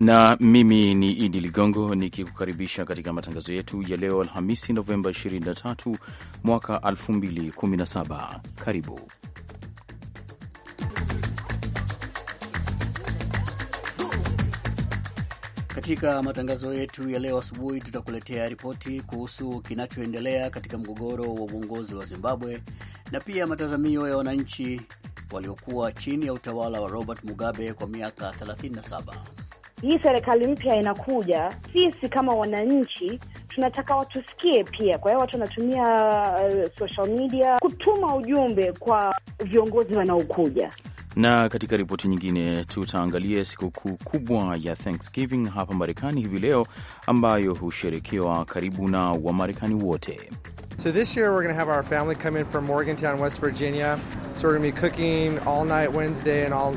na mimi ni Idi Ligongo nikikukaribisha katika matangazo yetu ya leo Alhamisi, Novemba 23 mwaka 2017. Karibu katika matangazo yetu ya leo asubuhi. Tutakuletea ripoti kuhusu kinachoendelea katika mgogoro wa uongozi wa Zimbabwe na pia matazamio ya wananchi waliokuwa chini ya utawala wa Robert Mugabe kwa miaka 37 hii serikali mpya inakuja, sisi kama wananchi tunataka watusikie pia. Kwa hiyo watu wanatumia uh, social media kutuma ujumbe kwa viongozi wanaokuja. Na katika ripoti nyingine tutaangalia sikukuu kubwa ya Thanksgiving hapa Marekani hivi leo ambayo husherekewa karibu na Wamarekani wote. So this year we're going to have our family come in from Morgantown, West Virginia. So we're going to be cooking all night Wednesday and all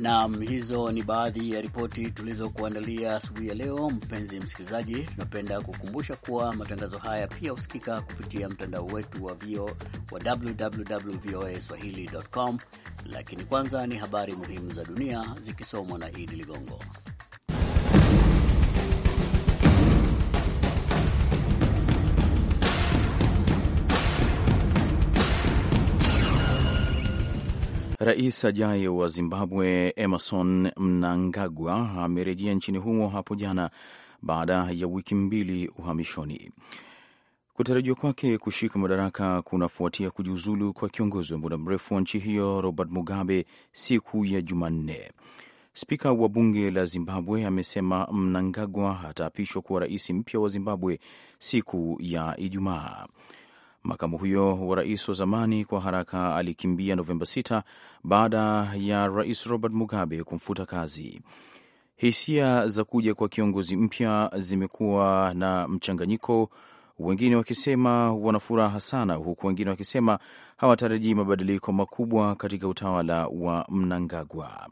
Naam, hizo ni baadhi ya ripoti tulizokuandalia asubuhi ya leo. Mpenzi msikilizaji, tunapenda kukumbusha kuwa matangazo haya pia husikika kupitia mtandao wetu wa vio, wa swahilicom Lakini kwanza ni habari muhimu za dunia zikisomwa na Idi Ligongo. Rais ajaye wa Zimbabwe Emerson Mnangagwa amerejea nchini humo hapo jana baada ya wiki mbili uhamishoni. Kutarajiwa kwake kushika madaraka kunafuatia kujiuzulu kwa kiongozi wa muda mrefu wa nchi hiyo Robert Mugabe siku ya Jumanne. Spika wa bunge la Zimbabwe amesema Mnangagwa ataapishwa kuwa rais mpya wa Zimbabwe siku ya Ijumaa. Makamu huyo wa rais wa zamani kwa haraka alikimbia Novemba 6 baada ya rais Robert Mugabe kumfuta kazi. Hisia za kuja kwa kiongozi mpya zimekuwa na mchanganyiko, wengine wakisema wana furaha sana, huku wengine wakisema hawatarajii mabadiliko makubwa katika utawala wa Mnangagwa.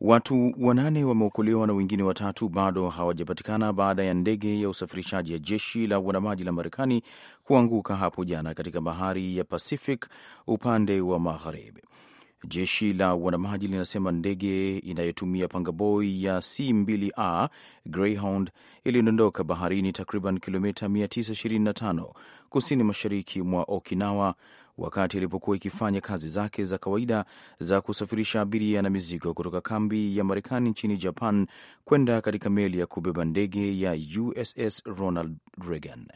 Watu wanane wameokolewa na wengine watatu bado hawajapatikana baada ya ndege ya usafirishaji ya jeshi la wanamaji la Marekani kuanguka hapo jana katika bahari ya Pacific upande wa magharibi. Jeshi la wanamaji linasema ndege inayotumia pangaboi ya C2A Greyhound ilidondoka baharini takriban kilomita 925 kusini mashariki mwa Okinawa wakati ilipokuwa ikifanya kazi zake za kawaida za kusafirisha abiria na mizigo kutoka kambi ya Marekani nchini Japan kwenda katika meli ya kubeba ndege ya USS Ronald Reagan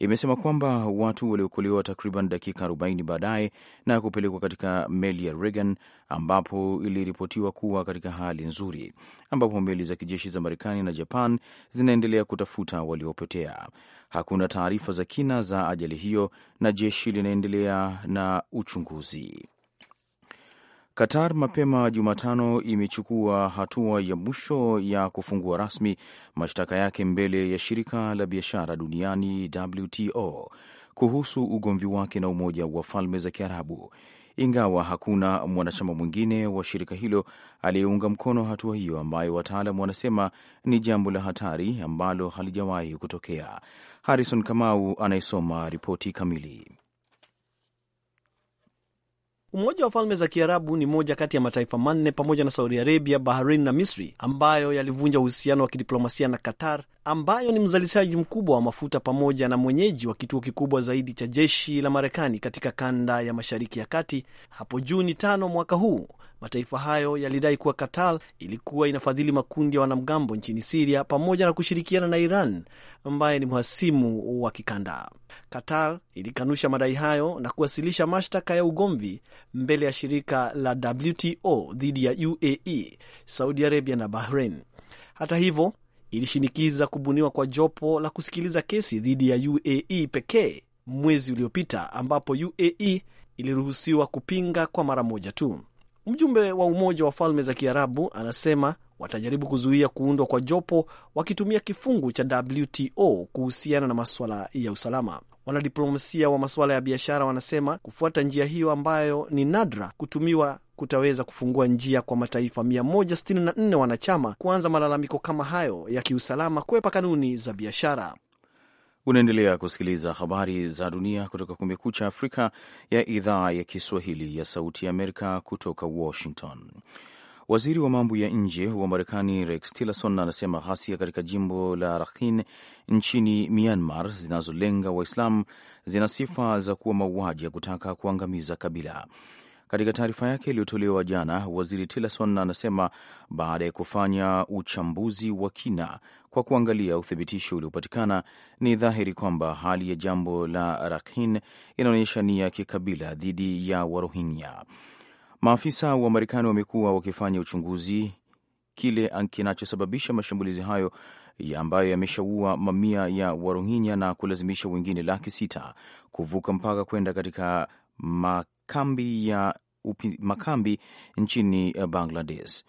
imesema kwamba watu waliokolewa takriban dakika 40 baadaye na kupelekwa katika meli ya Reagan ambapo iliripotiwa kuwa katika hali nzuri, ambapo meli za kijeshi za Marekani na Japan zinaendelea kutafuta waliopotea. Hakuna taarifa za kina za ajali hiyo na jeshi linaendelea na uchunguzi. Qatar mapema Jumatano imechukua hatua ya mwisho ya kufungua rasmi mashtaka yake mbele ya shirika la biashara duniani WTO kuhusu ugomvi wake na Umoja wa Falme za Kiarabu, ingawa hakuna mwanachama mwingine wa shirika hilo aliyeunga mkono hatua hiyo, ambayo wataalam wanasema ni jambo la hatari ambalo halijawahi kutokea. Harrison Kamau anayesoma ripoti kamili. Umoja wa Falme za Kiarabu ni moja kati ya mataifa manne pamoja na Saudi Arabia, Bahrain na Misri ambayo yalivunja uhusiano wa kidiplomasia na Qatar ambayo ni mzalishaji mkubwa wa mafuta pamoja na mwenyeji wa kituo kikubwa zaidi cha jeshi la Marekani katika kanda ya Mashariki ya Kati hapo Juni tano mwaka huu Mataifa hayo yalidai kuwa Qatar ilikuwa inafadhili makundi ya wanamgambo nchini Siria pamoja na kushirikiana na Iran ambaye ni mhasimu wa kikanda. Qatar ilikanusha madai hayo na kuwasilisha mashtaka ya ugomvi mbele ya shirika la WTO dhidi ya UAE, Saudi Arabia na Bahrain. Hata hivyo, ilishinikiza kubuniwa kwa jopo la kusikiliza kesi dhidi ya UAE pekee mwezi uliopita, ambapo UAE iliruhusiwa kupinga kwa mara moja tu. Mjumbe wa Umoja wa Falme za Kiarabu anasema watajaribu kuzuia kuundwa kwa jopo wakitumia kifungu cha WTO kuhusiana na masuala ya usalama. Wanadiplomasia wa masuala ya biashara wanasema kufuata njia hiyo ambayo ni nadra kutumiwa kutaweza kufungua njia kwa mataifa 164 wanachama kuanza malalamiko kama hayo ya kiusalama kuwepa kanuni za biashara. Unaendelea kusikiliza habari za dunia kutoka Kumekucha Afrika ya idhaa ya Kiswahili ya Sauti ya Amerika kutoka Washington. Waziri wa mambo ya nje wa Marekani Rex Tillerson anasema ghasia katika jimbo la Rakhine nchini Myanmar zinazolenga waislam zina sifa za kuwa mauaji ya kutaka kuangamiza kabila. Katika taarifa yake iliyotolewa jana, waziri Tillerson anasema baada ya kufanya uchambuzi wa kina kwa kuangalia uthibitisho uliopatikana, ni dhahiri kwamba hali ya jambo la Rakhine inaonyesha nia ya kikabila dhidi ya Warohingya. Maafisa wa Marekani wamekuwa wakifanya uchunguzi kile kinachosababisha mashambulizi hayo ya ambayo yameshaua mamia ya Warohinya na kulazimisha wengine laki sita kuvuka mpaka kwenda katika mak kambi ya upi, makambi nchini eh, Bangladesh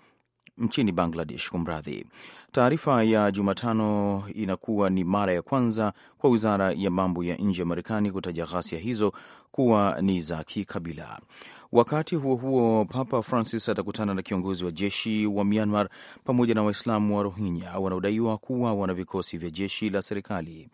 nchini Bangladesh kwa mradhi. Taarifa ya Jumatano inakuwa ni mara ya kwanza kwa wizara ya mambo ya nje ya Marekani kutaja ghasia hizo kuwa ni za kikabila. Wakati huo huo, Papa Francis atakutana na kiongozi wa jeshi wa Myanmar pamoja na Waislamu wa Rohingya wanaodaiwa kuwa wana vikosi vya jeshi la serikali.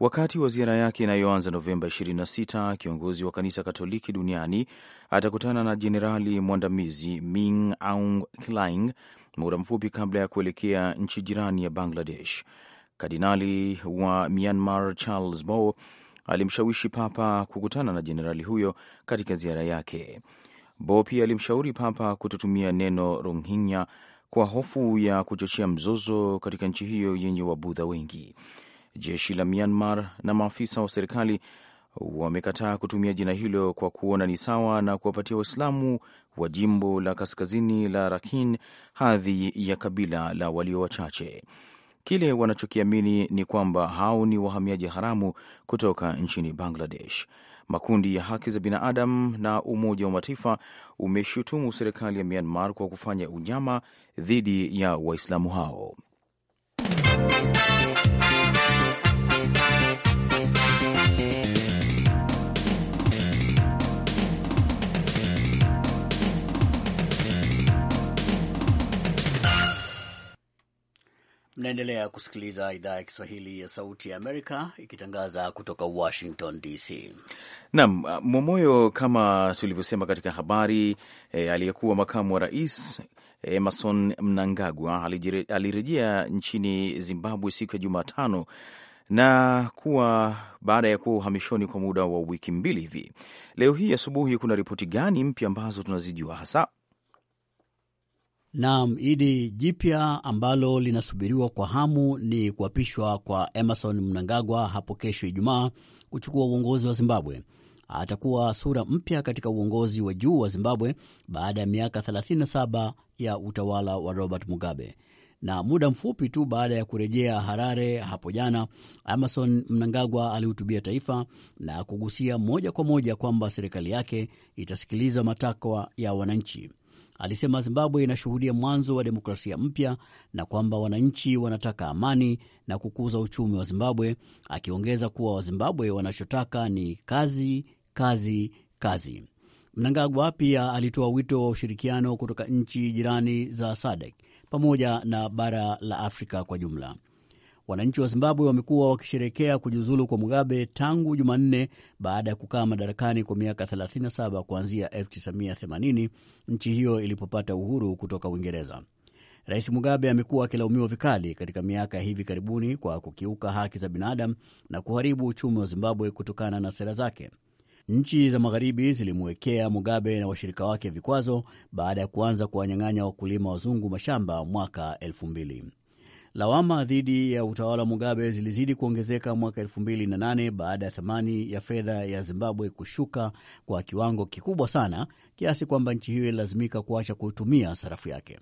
Wakati wa ziara yake inayoanza Novemba 26, kiongozi wa kanisa Katoliki duniani atakutana na jenerali mwandamizi ming Aung Hlaing muda mfupi kabla ya kuelekea nchi jirani ya Bangladesh. Kardinali wa Myanmar Charles Bo alimshawishi Papa kukutana na jenerali huyo katika ziara yake. Bo pia alimshauri Papa kutotumia neno Rohingya kwa hofu ya kuchochea mzozo katika nchi hiyo yenye Wabudha wengi jeshi la Myanmar na maafisa wa serikali wamekataa kutumia jina hilo kwa kuona ni sawa na kuwapatia Waislamu wa jimbo la kaskazini la Rakhine hadhi ya kabila la walio wachache. Kile wanachokiamini ni kwamba hao ni wahamiaji haramu kutoka nchini Bangladesh. Makundi ya haki za binadamu na Umoja wa Mataifa umeshutumu serikali ya Myanmar kwa kufanya unyama dhidi ya Waislamu hao. Mnaendelea kusikiliza idhaa ya Kiswahili ya Sauti ya Amerika ikitangaza kutoka Washington DC. Naam, momoyo kama tulivyosema katika habari e, aliyekuwa makamu wa rais eh, Emerson Mnangagwa alirejea nchini Zimbabwe siku ya Jumatano na kuwa baada ya kuwa uhamishoni kwa muda wa wiki mbili hivi. Leo hii asubuhi, kuna ripoti gani mpya ambazo tunazijua hasa? Naam, Idi, jipya ambalo linasubiriwa kwa hamu ni kuapishwa kwa Emerson Mnangagwa hapo kesho Ijumaa kuchukua uongozi wa Zimbabwe. Atakuwa sura mpya katika uongozi wa juu wa Zimbabwe baada ya miaka 37 ya utawala wa Robert Mugabe. Na muda mfupi tu baada ya kurejea Harare hapo jana, Emerson Mnangagwa alihutubia taifa na kugusia moja kwa moja kwamba serikali yake itasikiliza matakwa ya wananchi. Alisema Zimbabwe inashuhudia mwanzo wa demokrasia mpya na kwamba wananchi wanataka amani na kukuza uchumi wa Zimbabwe, akiongeza kuwa Wazimbabwe wanachotaka ni kazi, kazi, kazi. Mnangagwa pia alitoa wito wa ushirikiano kutoka nchi jirani za SADC pamoja na bara la Afrika kwa jumla. Wananchi wa Zimbabwe wamekuwa wakisherekea kujiuzulu kwa Mugabe tangu Jumanne baada ya kukaa madarakani kwa miaka 37 kuanzia 1980 nchi hiyo ilipopata uhuru kutoka Uingereza. Rais Mugabe amekuwa akilaumiwa vikali katika miaka ya hivi karibuni kwa kukiuka haki za binadamu na kuharibu uchumi wa Zimbabwe kutokana na sera zake. Nchi za magharibi zilimwekea Mugabe na washirika wake vikwazo baada ya kuanza kuwanyang'anya wakulima wazungu mashamba mwaka elfu mbili. Lawama dhidi ya utawala wa Mugabe zilizidi kuongezeka mwaka nane baada ya thamani ya fedha ya Zimbabwe kushuka kwa kiwango kikubwa sana kiasi kwamba nchi hiyo ililazimika kuacha kutumia sarafu yake.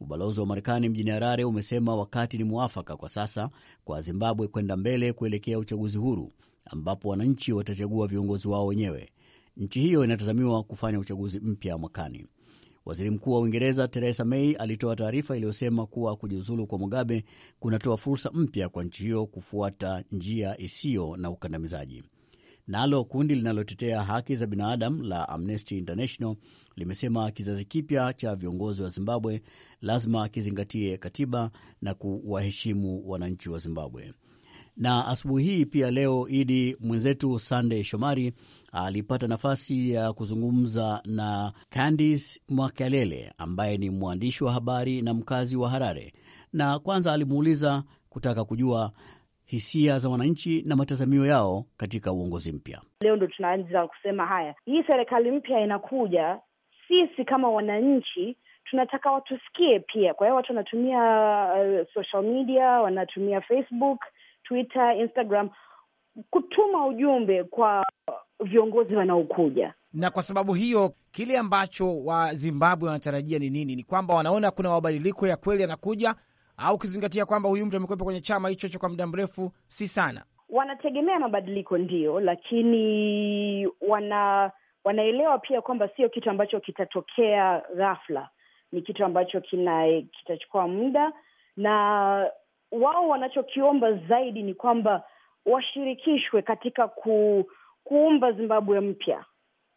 Ubalozi wa Marekani mjini Harare umesema wakati ni mwafaka kwa sasa kwa Zimbabwe kwenda mbele kuelekea uchaguzi huru ambapo wananchi watachagua viongozi wao wenyewe. Nchi hiyo inatazamiwa kufanya uchaguzi mpya mwakani. Waziri Mkuu wa Uingereza Theresa May alitoa taarifa iliyosema kuwa kujiuzulu kwa Mugabe kunatoa fursa mpya kwa nchi hiyo kufuata njia isiyo na ukandamizaji. Nalo kundi linalotetea haki za binadamu la Amnesty International limesema kizazi kipya cha viongozi wa Zimbabwe lazima kizingatie katiba na kuwaheshimu wananchi wa Zimbabwe. Na asubuhi hii pia leo idi mwenzetu Sandey Shomari alipata nafasi ya kuzungumza na Candice Mwakalele ambaye ni mwandishi wa habari na mkazi wa Harare, na kwanza alimuuliza kutaka kujua hisia za wananchi na matazamio yao katika uongozi mpya. Leo ndo tunaanza kusema haya, hii serikali mpya inakuja, sisi kama wananchi tunataka watusikie pia. Kwa hiyo watu wanatumia uh, social media, wanatumia Facebook, Twitter, Instagram kutuma ujumbe kwa viongozi wanaokuja. Na kwa sababu hiyo, kile ambacho wa Zimbabwe wanatarajia ni nini? Ni kwamba wanaona kuna mabadiliko ya kweli yanakuja, au ukizingatia kwamba huyu mtu amekwepa kwenye chama hicho hicho kwa muda mrefu, si sana wanategemea mabadiliko, ndio lakini wana wanaelewa pia kwamba sio kitu ambacho kitatokea ghafla, ni kitu ambacho kina kitachukua muda, na wao wanachokiomba zaidi ni kwamba washirikishwe katika ku kuumba Zimbabwe mpya.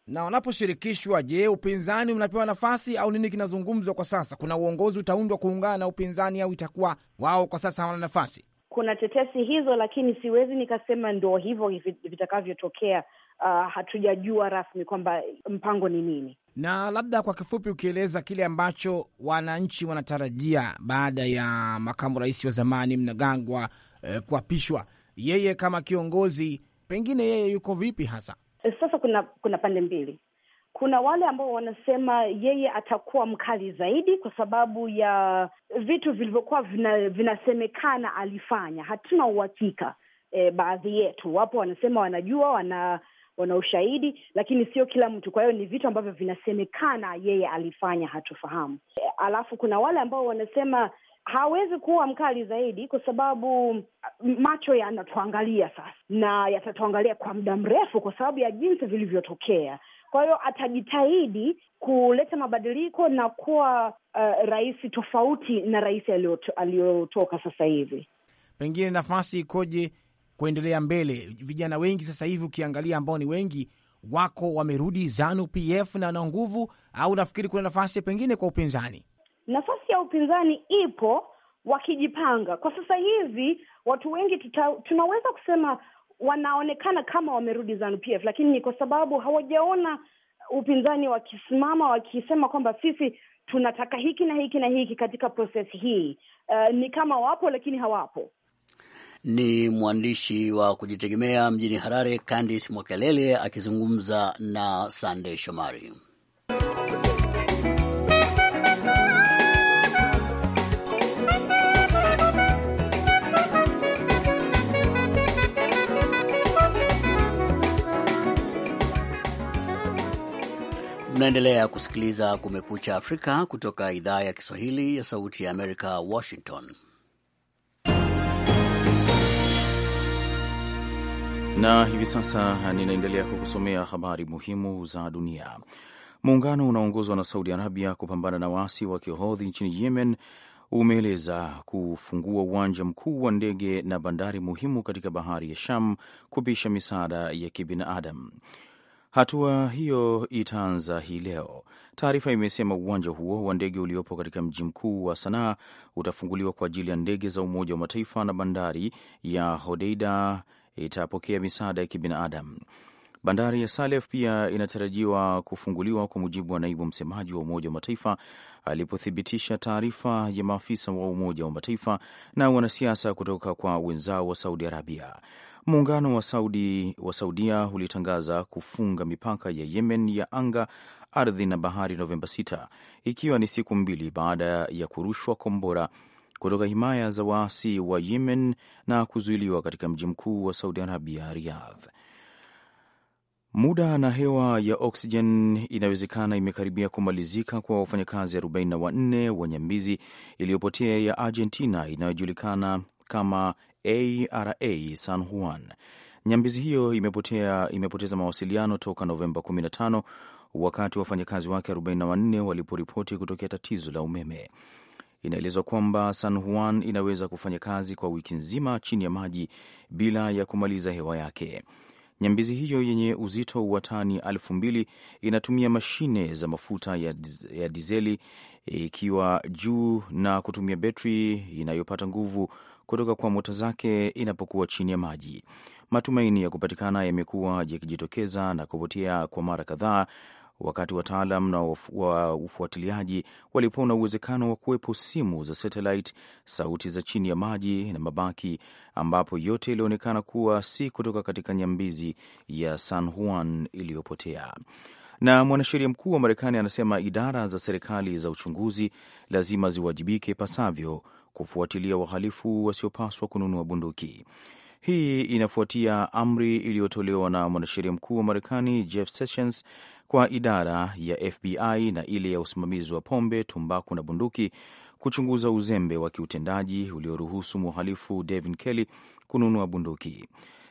Na wanaposhirikishwa, je, upinzani unapewa nafasi au nini kinazungumzwa kwa sasa? Kuna uongozi utaundwa kuungana na upinzani au itakuwa wao kwa sasa hawana nafasi? Kuna tetesi hizo, lakini siwezi nikasema ndo hivyo vitakavyotokea. Uh, hatujajua rasmi kwamba mpango ni nini, na labda kwa kifupi ukieleza kile ambacho wananchi wanatarajia baada ya makamu rais wa zamani Mnangagwa eh, kuapishwa, yeye kama kiongozi pengine yeye yuko vipi hasa eh, sasa? Kuna kuna pande mbili. Kuna wale ambao wanasema yeye atakuwa mkali zaidi kwa sababu ya vitu vilivyokuwa vina, vinasemekana alifanya. Hatuna uhakika e, baadhi yetu wapo wanasema wanajua, wana wana ushahidi, lakini sio kila mtu. Kwa hiyo ni vitu ambavyo vinasemekana yeye alifanya, hatufahamu. E, alafu kuna wale ambao wanasema hawezi kuwa mkali zaidi kwa sababu mm, macho yanatuangalia sasa, na yatatuangalia kwa muda mrefu kwa sababu ya jinsi vilivyotokea. Kwa hiyo atajitahidi kuleta mabadiliko na kuwa uh, rais tofauti na rais aliyotoka sasa hivi. Pengine nafasi ikoje kuendelea mbele? Vijana wengi sasa hivi ukiangalia, ambao ni wengi wako wamerudi Zanu PF na wana nguvu, au nafikiri kuna nafasi pengine kwa upinzani? Nafasi ya upinzani ipo wakijipanga. Kwa sasa hivi watu wengi tuta, tunaweza kusema wanaonekana kama wamerudi zanupf lakini ni kwa sababu hawajaona upinzani wakisimama wakisema kwamba sisi tunataka hiki na hiki na hiki katika proses hii. Uh, ni kama wapo lakini hawapo. Ni mwandishi wa kujitegemea mjini Harare, candis Mwakelele akizungumza na Sandey Shomari. Mnaendelea kusikiliza Kumekucha Afrika kutoka idhaa ya Kiswahili ya Sauti ya Amerika, Washington. Na hivi sasa ninaendelea kukusomea habari muhimu za dunia. Muungano unaoongozwa na Saudi Arabia kupambana na waasi wa Kihodhi nchini Yemen umeeleza kufungua uwanja mkuu wa ndege na bandari muhimu katika bahari ya Sham kupisha misaada ya kibinadamu. Hatua hiyo itaanza hii leo. Taarifa imesema uwanja huo wa ndege uliopo katika mji mkuu wa Sanaa utafunguliwa kwa ajili ya ndege za Umoja wa Mataifa na bandari ya Hodeida itapokea misaada ya kibinadamu. Bandari ya Salef pia inatarajiwa kufunguliwa kwa mujibu wa naibu msemaji wa Umoja wa Mataifa alipothibitisha taarifa ya maafisa wa Umoja wa Mataifa na wanasiasa kutoka kwa wenzao wa Saudi Arabia. Muungano wa Saudi wa Saudia ulitangaza kufunga mipaka ya Yemen ya anga, ardhi na bahari Novemba 6 ikiwa ni siku mbili baada ya kurushwa kombora kutoka himaya za waasi wa Yemen na kuzuiliwa katika mji mkuu wa Saudi Arabia, Riyadh. Muda na hewa ya oksijen inawezekana imekaribia kumalizika kwa wafanyakazi 44 wa nyambizi iliyopotea ya Argentina inayojulikana kama ARA San Juan. Nyambizi hiyo imepotea, imepoteza mawasiliano toka Novemba 15 wakati wafanyakazi wake 44 waliporipoti kutokea tatizo la umeme. Inaelezwa kwamba San Juan inaweza kufanya kazi kwa wiki nzima chini ya maji bila ya kumaliza hewa yake. Nyambizi hiyo yenye uzito wa tani elfu mbili inatumia mashine za mafuta ya dizeli ikiwa juu na kutumia betri inayopata nguvu kutoka kwa moto zake inapokuwa chini ya maji. Matumaini ya kupatikana yamekuwa yakijitokeza na kuvutia kwa mara kadhaa, wakati wataalam na wa ufuatiliaji walipoona uwezekano wa kuwepo simu za satellite, sauti za chini ya maji na mabaki, ambapo yote ilionekana kuwa si kutoka katika nyambizi ya San Juan iliyopotea. Na mwanasheria mkuu wa Marekani anasema idara za serikali za uchunguzi lazima ziwajibike pasavyo kufuatilia wahalifu wasiopaswa kununua bunduki. Hii inafuatia amri iliyotolewa na mwanasheria mkuu wa Marekani Jeff Sessions kwa idara ya FBI na ile ya usimamizi wa pombe, tumbaku na bunduki kuchunguza uzembe wa kiutendaji ulioruhusu mhalifu Devin Kelly kununua bunduki.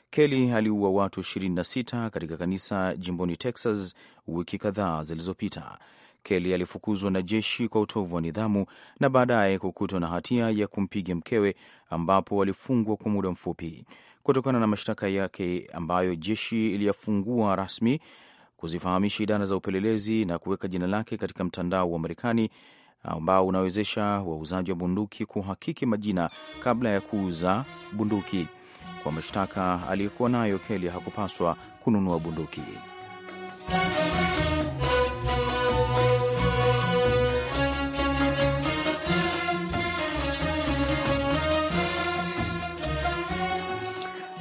Kelly aliua watu 26 katika kanisa jimboni Texas wiki kadhaa zilizopita Kelly alifukuzwa na jeshi kwa utovu wa nidhamu na baadaye kukutwa na hatia ya kumpiga mkewe, ambapo alifungwa kwa muda mfupi kutokana na mashtaka yake ambayo jeshi iliyafungua rasmi kuzifahamisha idara za upelelezi na kuweka jina lake katika mtandao wa Marekani ambao unawezesha wauzaji wa bunduki kuhakiki majina kabla ya kuuza bunduki. Kwa mashtaka aliyekuwa nayo, Kelly hakupaswa kununua bunduki.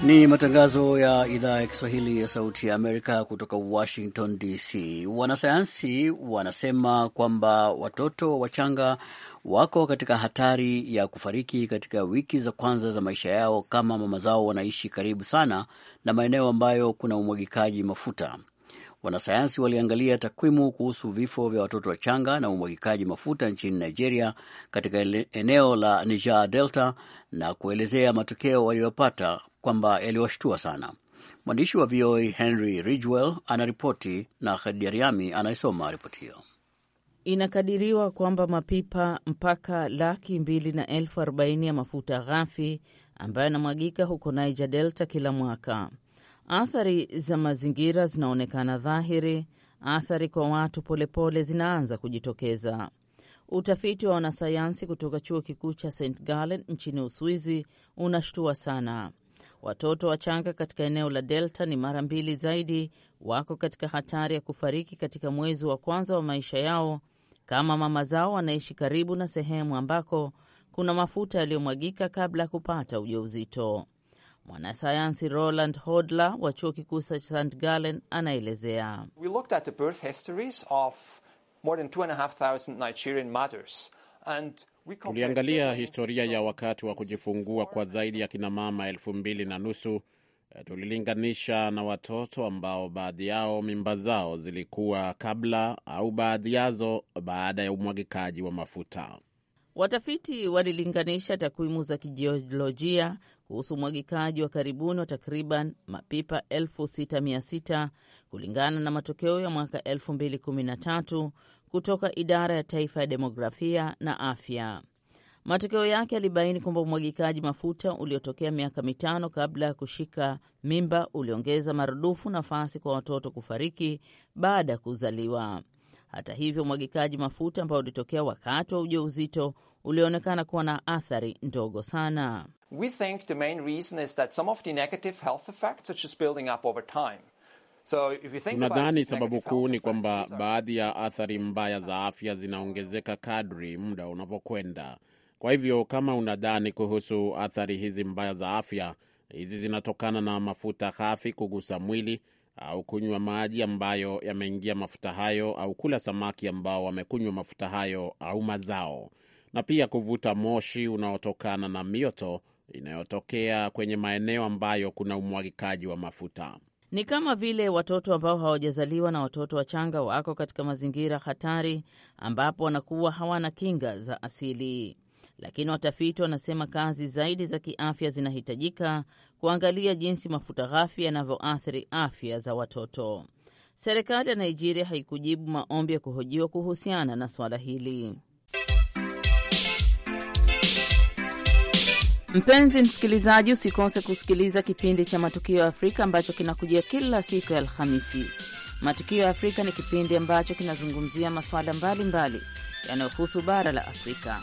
Ni matangazo ya idhaa ya Kiswahili ya Sauti ya Amerika kutoka Washington DC. Wanasayansi wanasema kwamba watoto wachanga wako katika hatari ya kufariki katika wiki za kwanza za maisha yao kama mama zao wanaishi karibu sana na maeneo ambayo kuna umwagikaji mafuta. Wanasayansi waliangalia takwimu kuhusu vifo vya watoto wachanga na umwagikaji mafuta nchini Nigeria katika eneo la Niger Delta na kuelezea matokeo waliyopata kwamba yaliwashtua sana. Mwandishi wa VOA Henry Ridgwell anaripoti na Khadiariami anayesoma ripoti hiyo. Inakadiriwa kwamba mapipa mpaka laki mbili na elfu arobaini ya mafuta ghafi ambayo yanamwagika huko Niger Delta kila mwaka. Athari za mazingira zinaonekana dhahiri. Athari kwa watu polepole zinaanza kujitokeza. Utafiti wa wanasayansi kutoka chuo kikuu cha St Gallen nchini Uswizi unashtua sana. Watoto wachanga katika eneo la Delta ni mara mbili zaidi wako katika hatari ya kufariki katika mwezi wa kwanza wa maisha yao kama mama zao wanaishi karibu na sehemu ambako kuna mafuta yaliyomwagika kabla ya kupata ujauzito. Mwanasayansi Roland Hodler wa chuo kikuu cha St Gallen anaelezea tuliangalia historia ya wakati wa kujifungua kwa zaidi ya kinamama elfu mbili na nusu. Eh, tulilinganisha na watoto ambao baadhi yao mimba zao zilikuwa kabla au baadhi yazo baada ya umwagikaji wa mafuta. Watafiti walilinganisha takwimu za kijiolojia kuhusu mwagikaji wa karibuni wa takriban mapipa 6600 kulingana na matokeo ya mwaka 2013 kutoka idara ya taifa ya demografia na afya. Matokeo yake yalibaini kwamba umwagikaji mafuta uliotokea miaka mitano kabla ya kushika mimba uliongeza marudufu nafasi kwa watoto kufariki baada ya kuzaliwa. Hata hivyo, umwagikaji mafuta ambao ulitokea wakati wa uzito ulionekana kuwa na athari ndogo sana. We think the main reason is that some of the negative health effects building up over time. Tunadhani so sababu kuu ni kwamba baadhi ya athari mbaya za afya zinaongezeka kadri muda unavyokwenda. Kwa hivyo kama unadhani kuhusu athari hizi mbaya za afya, hizi zinatokana na mafuta ghafi kugusa mwili, au kunywa maji ambayo yameingia mafuta hayo au kula samaki ambao wamekunywa mafuta hayo au mazao, na pia kuvuta moshi unaotokana na mioto inayotokea kwenye maeneo ambayo kuna umwagikaji wa mafuta. Ni kama vile watoto ambao hawajazaliwa na watoto wachanga wako katika mazingira hatari ambapo wanakuwa hawana kinga za asili lakini watafiti wanasema kazi zaidi za kiafya zinahitajika kuangalia jinsi mafuta ghafi yanavyoathiri afya za watoto. Serikali ya Nigeria haikujibu maombi ya kuhojiwa kuhusiana na suala hili. Mpenzi msikilizaji, usikose kusikiliza kipindi cha Matukio ya Afrika ambacho kinakujia kila siku ya Alhamisi. Matukio ya Afrika ni kipindi ambacho kinazungumzia masuala mbalimbali yanayohusu bara la Afrika.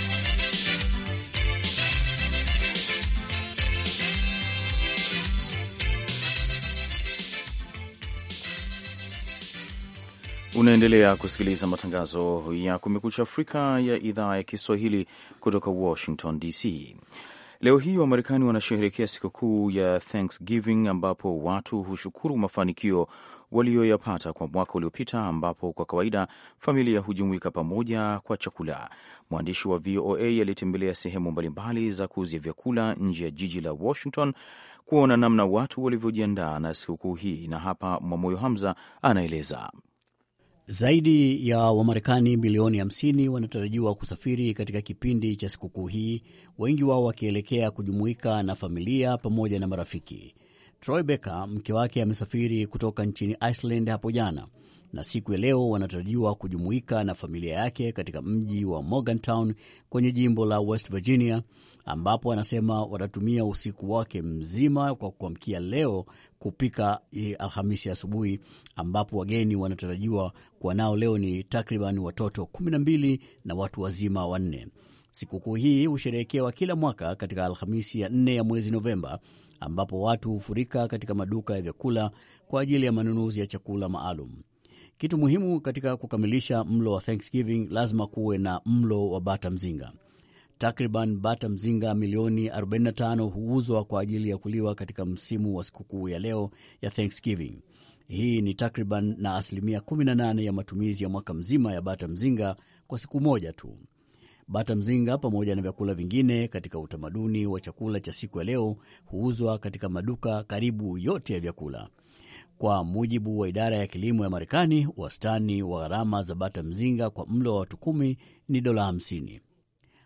Unaendelea kusikiliza matangazo ya Kumekucha Afrika ya idhaa ya Kiswahili kutoka Washington DC. Leo hii Wamarekani wanasherehekea sikukuu ya Thanksgiving ambapo watu hushukuru mafanikio walioyapata kwa mwaka uliopita, ambapo kwa kawaida familia hujumuika pamoja kwa chakula. Mwandishi wa VOA alitembelea sehemu mbalimbali za kuuzia vyakula nje ya jiji la Washington kuona namna watu walivyojiandaa na sikukuu hii, na hapa Mwamoyo Hamza anaeleza. Zaidi ya Wamarekani milioni 50 wanatarajiwa kusafiri katika kipindi cha sikukuu hii, wengi wao wakielekea kujumuika na familia pamoja na marafiki. Troy Becker, mke wake, amesafiri kutoka nchini Iceland hapo jana na siku ya leo wanatarajiwa kujumuika na familia yake katika mji wa Morgantown kwenye jimbo la West Virginia ambapo anasema watatumia usiku wake mzima kwa kuamkia leo kupika e, Alhamisi asubuhi, ambapo wageni wanatarajiwa kuwa nao leo ni takriban watoto kumi na mbili na watu wazima wanne. Sikukuu hii husherehekewa kila mwaka katika Alhamisi ya nne ya mwezi Novemba, ambapo watu hufurika katika maduka ya vyakula kwa ajili ya manunuzi ya chakula maalum. Kitu muhimu katika kukamilisha mlo wa Thanksgiving lazima kuwe na mlo wa bata mzinga. Takriban bata mzinga milioni 45 huuzwa kwa ajili ya kuliwa katika msimu wa sikukuu ya leo ya Thanksgiving. Hii ni takriban na asilimia 18 ya matumizi ya mwaka mzima ya bata mzinga kwa siku moja tu. Bata mzinga pamoja na vyakula vingine katika utamaduni wa chakula cha siku ya leo huuzwa katika maduka karibu yote ya vyakula. Kwa mujibu wa idara ya kilimo ya Marekani, wastani wa gharama za bata mzinga kwa mlo wa watu kumi ni dola 50.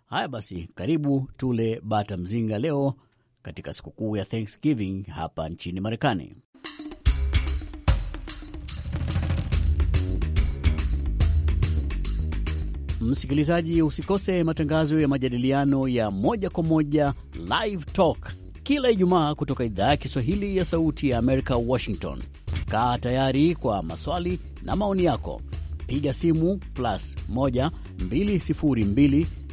Haya basi, karibu tule bata mzinga leo katika sikukuu ya Thanksgiving hapa nchini Marekani. Msikilizaji, usikose matangazo ya majadiliano ya moja kwa moja Live Talk kila Ijumaa kutoka idhaa ya Kiswahili ya Sauti ya Amerika, Washington. Kaa tayari kwa maswali na maoni yako, piga simu plus 1 202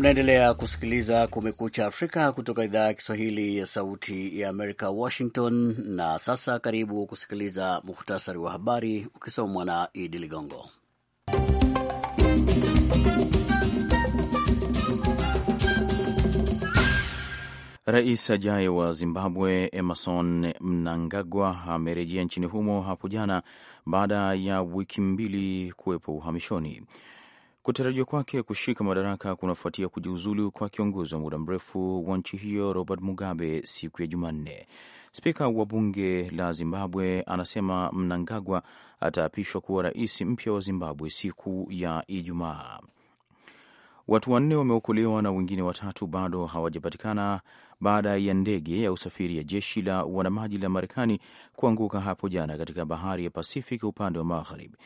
Mnaendelea kusikiliza Kumekucha Afrika kutoka idhaa ya Kiswahili ya Sauti ya Amerika, Washington. Na sasa karibu kusikiliza muhtasari wa habari ukisomwa na Idi Ligongo. Rais ajaye wa Zimbabwe Emerson Mnangagwa amerejea nchini humo hapo jana baada ya wiki mbili kuwepo uhamishoni. Kutarajiwa kwake kushika madaraka kunafuatia kujiuzulu kwa kiongozi wa muda mrefu wa nchi hiyo Robert Mugabe siku ya Jumanne. Spika wa bunge la Zimbabwe anasema Mnangagwa ataapishwa kuwa rais mpya wa Zimbabwe siku ya Ijumaa. Watu wanne wameokolewa na wengine watatu bado hawajapatikana baada ya ndege ya usafiri ya jeshi la wanamaji la Marekani kuanguka hapo jana katika bahari ya Pacific upande wa magharibi.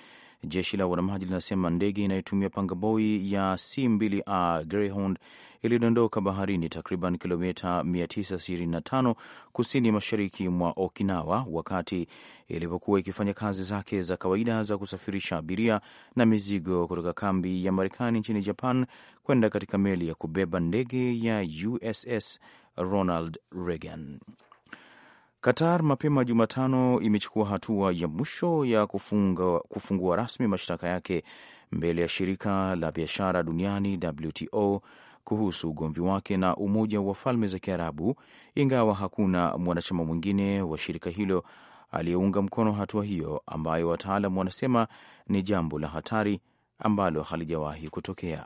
Jeshi la wanamaji linasema ndege inayotumia pangaboi ya C2A Greyhound ilidondoka baharini takriban kilomita 925 kusini mashariki mwa Okinawa wakati ilipokuwa ikifanya kazi zake za kawaida za kusafirisha abiria na mizigo kutoka kambi ya Marekani nchini Japan kwenda katika meli ya kubeba ndege ya USS Ronald Reagan. Qatar mapema Jumatano imechukua hatua ya mwisho ya kufunga, kufungua rasmi mashtaka yake mbele ya shirika la biashara duniani WTO kuhusu ugomvi wake na Umoja wa Falme za Kiarabu, ingawa hakuna mwanachama mwingine wa shirika hilo aliyeunga mkono hatua hiyo ambayo wataalam wanasema ni jambo la hatari ambalo halijawahi kutokea.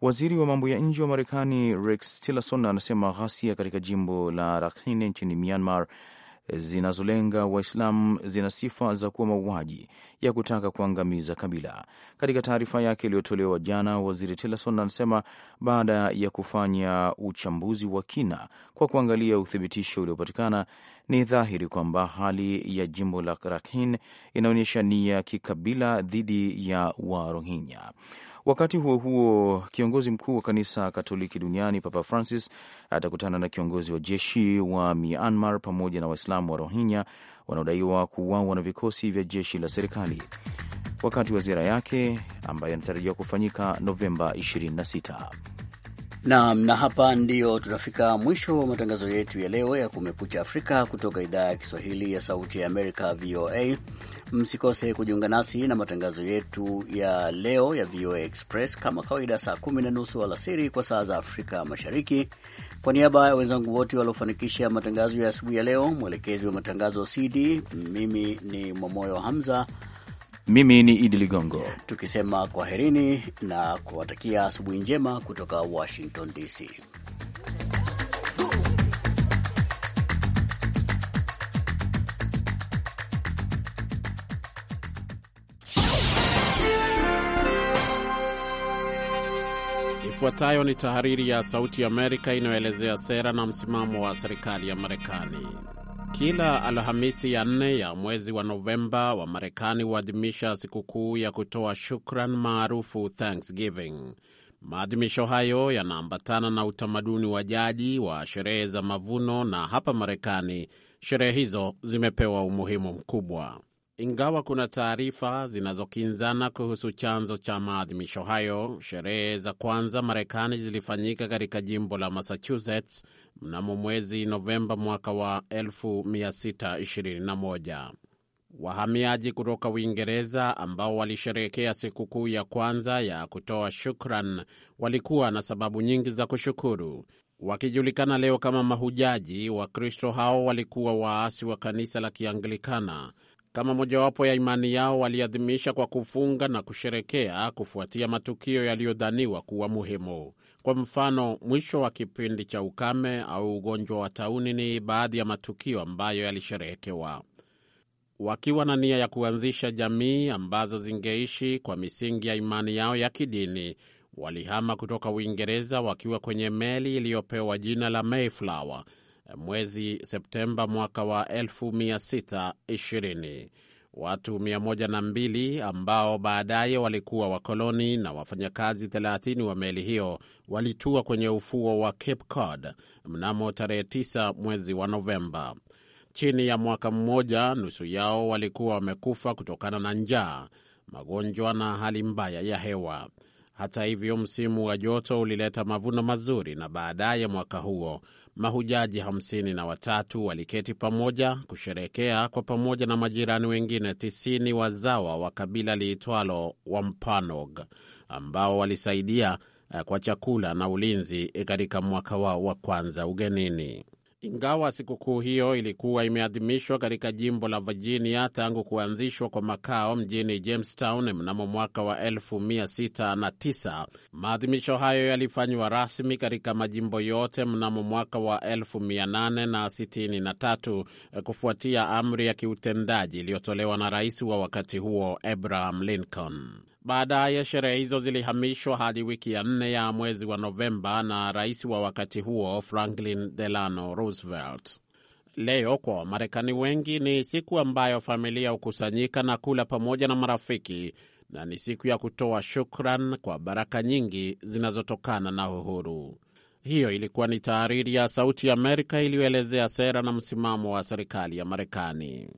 Waziri wa mambo ya nje wa Marekani Rex Tillerson anasema ghasia katika jimbo la Rakhine nchini Myanmar zinazolenga waislam zina sifa za kuwa mauaji ya kutaka kuangamiza kabila. Katika taarifa yake iliyotolewa jana, waziri Tillerson anasema baada ya kufanya uchambuzi wa kina kwa kuangalia uthibitisho uliopatikana, ni dhahiri kwamba hali ya jimbo la Rakhine inaonyesha nia kikabila dhidi ya Warohingya. Wakati huo huo, kiongozi mkuu wa kanisa Katoliki duniani Papa Francis atakutana na kiongozi wa jeshi wa Myanmar pamoja na Waislamu wa Rohingya wanaodaiwa kuuawa na vikosi vya jeshi la serikali wakati wa ziara yake ambayo inatarajiwa kufanyika Novemba 26. nam na hapa ndiyo tunafika mwisho wa matangazo yetu ya leo ya Kumekucha Afrika kutoka idhaa ya Kiswahili ya Sauti ya Amerika, VOA. Msikose kujiunga nasi na matangazo yetu ya leo ya VOA Express kama kawaida, saa kumi na nusu alasiri kwa saa za Afrika Mashariki. Kwa niaba ya wenzangu wote waliofanikisha matangazo ya asubuhi ya leo, mwelekezi wa matangazo CD, mimi ni Mwamoyo Hamza, mimi ni Idi Ligongo, tukisema kwaherini na kuwatakia asubuhi njema kutoka Washington DC. Ifuatayo ni tahariri ya Sauti Amerika inayoelezea sera na msimamo wa serikali ya Marekani. Kila Alhamisi ya nne ya mwezi wa Novemba wa Marekani huadhimisha sikukuu ya kutoa shukran maarufu Thanksgiving. Maadhimisho hayo yanaambatana na utamaduni wa jadi wa sherehe za mavuno, na hapa Marekani sherehe hizo zimepewa umuhimu mkubwa. Ingawa kuna taarifa zinazokinzana kuhusu chanzo cha maadhimisho hayo, sherehe za kwanza Marekani zilifanyika katika jimbo la Massachusetts mnamo mwezi Novemba mwaka wa 1621. Wahamiaji kutoka Uingereza ambao walisherehekea sikukuu ya kwanza ya kutoa shukran walikuwa na sababu nyingi za kushukuru. Wakijulikana leo kama mahujaji, Wakristo hao walikuwa waasi wa kanisa la Kianglikana kama mojawapo ya imani yao, waliadhimisha kwa kufunga na kusherekea kufuatia matukio yaliyodhaniwa kuwa muhimu. Kwa mfano, mwisho wa kipindi cha ukame au ugonjwa wa tauni ni baadhi ya matukio ambayo yalisherehekewa, wakiwa na nia ya kuanzisha jamii ambazo zingeishi kwa misingi ya imani yao ya kidini. Walihama kutoka Uingereza wakiwa kwenye meli iliyopewa jina la Mayflower mwezi Septemba mwaka wa 1620. Watu 102 ambao baadaye walikuwa wakoloni na wafanyakazi 30 wa meli hiyo walitua kwenye ufuo wa Cape Cod mnamo tarehe 9 mwezi wa Novemba. Chini ya mwaka mmoja, nusu yao walikuwa wamekufa kutokana na njaa, magonjwa na hali mbaya ya hewa. Hata hivyo, msimu wa joto ulileta mavuno mazuri, na baadaye mwaka huo mahujaji hamsini na watatu waliketi pamoja kusherekea kwa pamoja na majirani wengine tisini wazawa wa kabila liitwalo Wampanog ambao walisaidia eh, kwa chakula na ulinzi eh, katika mwaka wao wa kwanza ugenini. Ingawa sikukuu hiyo ilikuwa imeadhimishwa katika jimbo la Virginia tangu kuanzishwa kwa makao mjini Jamestown mnamo mwaka wa 1609, maadhimisho hayo yalifanywa rasmi katika majimbo yote mnamo mwaka wa 1863 eh, kufuatia amri ya kiutendaji iliyotolewa na rais wa wakati huo Abraham Lincoln. Baadaye sherehe hizo zilihamishwa hadi wiki ya nne ya mwezi wa Novemba na rais wa wakati huo Franklin Delano Roosevelt. Leo kwa Wamarekani wengi ni siku ambayo familia hukusanyika na kula pamoja na marafiki, na ni siku ya kutoa shukran kwa baraka nyingi zinazotokana na uhuru. Hiyo ilikuwa ni tahariri ya Sauti ya Amerika iliyoelezea sera na msimamo wa serikali ya Marekani.